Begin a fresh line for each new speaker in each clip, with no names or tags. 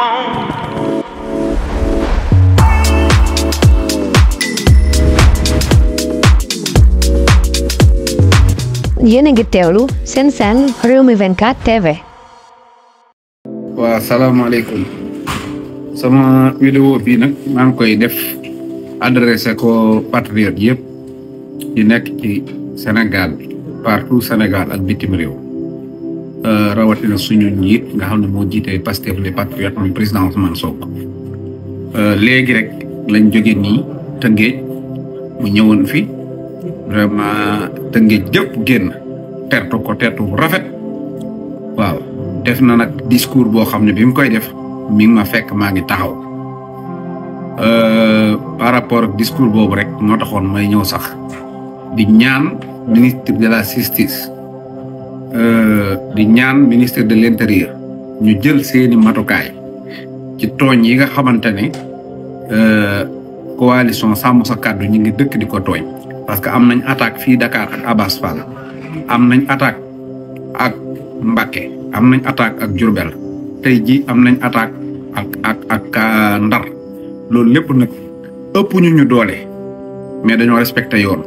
yéen a ngi teewlu seen seen réew mi 24 TV. waa sama video bii nag maa ngi koy def adressé ko patriote yëpp di nekk ci Sénégal partout Sénégal ak bitim réew. Eh, rawatina suñu njiit nga xam ne moo jiitee Pastef les patriotes muy président Ousmane Sonko eh, léegi rek lañ jóge nii tëngeej mu ñëwoon fi vraiment tëngeej jëpp génn tertu ko tertu bu rafet waaw def na nag discours boo xam ne bi mu koy def mi ngi ma fekk maa ngi taxaw eh, par rapport ak discours boobu rek moo taxoon may ñëw sax di ñaan ministre de la justice Eh, di ñaan ministère de l'intérieur ñu jël seeni matukaay ci tooñ yi nga xamante ne eh, coalition sàmm sa kàddu ngi dëkk di ko tooñ parce que am nañ attaque fii Dakar ak Abbas Fall am nañ attaque ak Mbacké am nañ attaque ak Diourbel tey ji am nañ attaque ak ak ak eh, Ndar loolu lépp nag ëpp ñu ñu doole mais dañoo respecté yoon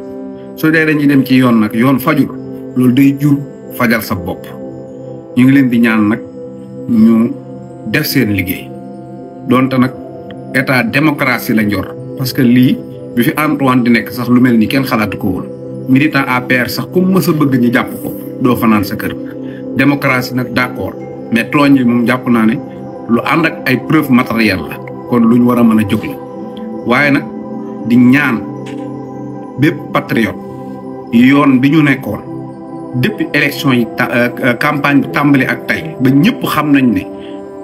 su dee dañuy dem ci yoon nag yoon fajul loolu day jur fajal sa bopp ñu ngi leen di ñaan nag ñu def seen liggéey donte nag état démocratie lañ yor parce que lii bi fi Antoine di nekk sax lu kenn xalaatu ko militant APR sax ku mës a bëgg ñu jàpp ko doo fanaan sa kër démocratie nag d' mais ne lu ànd ak ay preuve matérielle la kon luñ wara a mën a jóg la waaye nag di ñaan bépp patriote yoon bi ñu nekkoon depuis élection yi euh, euh, campagne bi tàmbali ak tey ba ñëpp xam nañ ne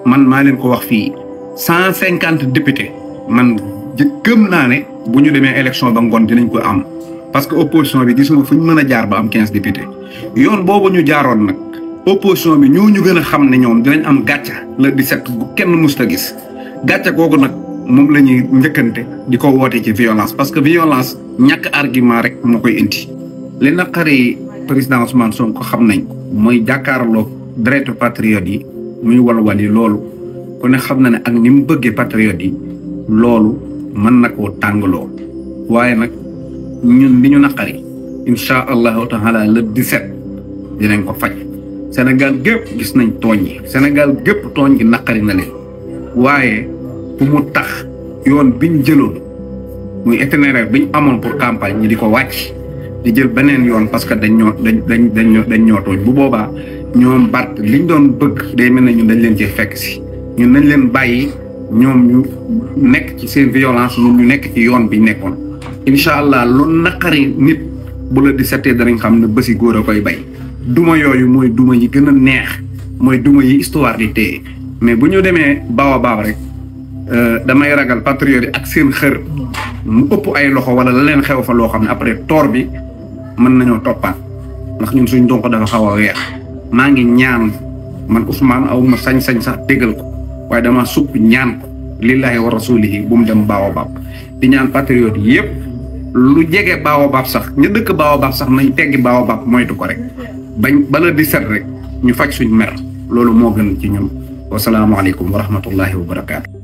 man maa leen ko wax fii cent cinquante député man gëm naa ne bu ñu demee élection ba ngoon dinañ ko am parce que opposition bi gisuma fu ñu mën a jaar ba am quinze député yoon boobu ñu jaaroon nag opposition bi ñoo ñu gën a xam ne ñoom dinañ am gàcca la di set bu kenn musta gis gàcca kooku nag moom la ñuy njëkkante di ko woote ci violence parce que violence ñàkk argument rek moo koy indi li naqari président Ousmane Sonko xam nañ ko mooy jàkkaarloog deretu patriote yi muy walwali loolu ku ne xam na ne ak ni mu bëggee patriote yi loolu man na koo tàngaloo waaye nag ñun li ñu naqari incha allahu taala le 17 dinañ ko faj Sénégal gépp gis nañ tooñ yi Sénégal gépp tooñ gi naqari na leen waaye bu mu tax yoon biñ jëloon muy itinéraire biñ amoon pour campagne ñi di ko wàcc di jël beneen yoon parce que dañ ñoo dañ dañ dañ dañ ñoo tooñ bu boobaa ñoom Bart liñ doon bëgg day mel ne ñun dañ leen ci fekk si ñun nañ leen bàyyi ñoom ñu nekk ci seen violence ñun ñu nekk ci yoon bi nekkoon incha allah lu naqari nit bu la di settee danañ xam ne bési góor a koy bay duma yooyu mooy duma yi gën a neex mooy duma yi histoire di téye mais bu ñu demee baaw baab rek euh, damay ragal patriote yi ak seen xër mu ëpp ay loxo wala la leen xew fa loo xam ne après toor bi mën nañoo toppaat ndax ñun suñ donk dafa xaw a maa ngi ñaan man Ousmane aw ma sañ-sañ sax déggal ko waaye dama sukk ñaan ko lillahi wa rasulihi bu mu dem baobab di ñaan patriote yépp lu jege baobab sax ñu dëkk baobab sax nañ teggi baobab moytu ko rek bañ bala di set rek ñu faj suñ mer loolu moo gën ci ñun wasalaamualeykum wa rahmatullahi wa barakaatu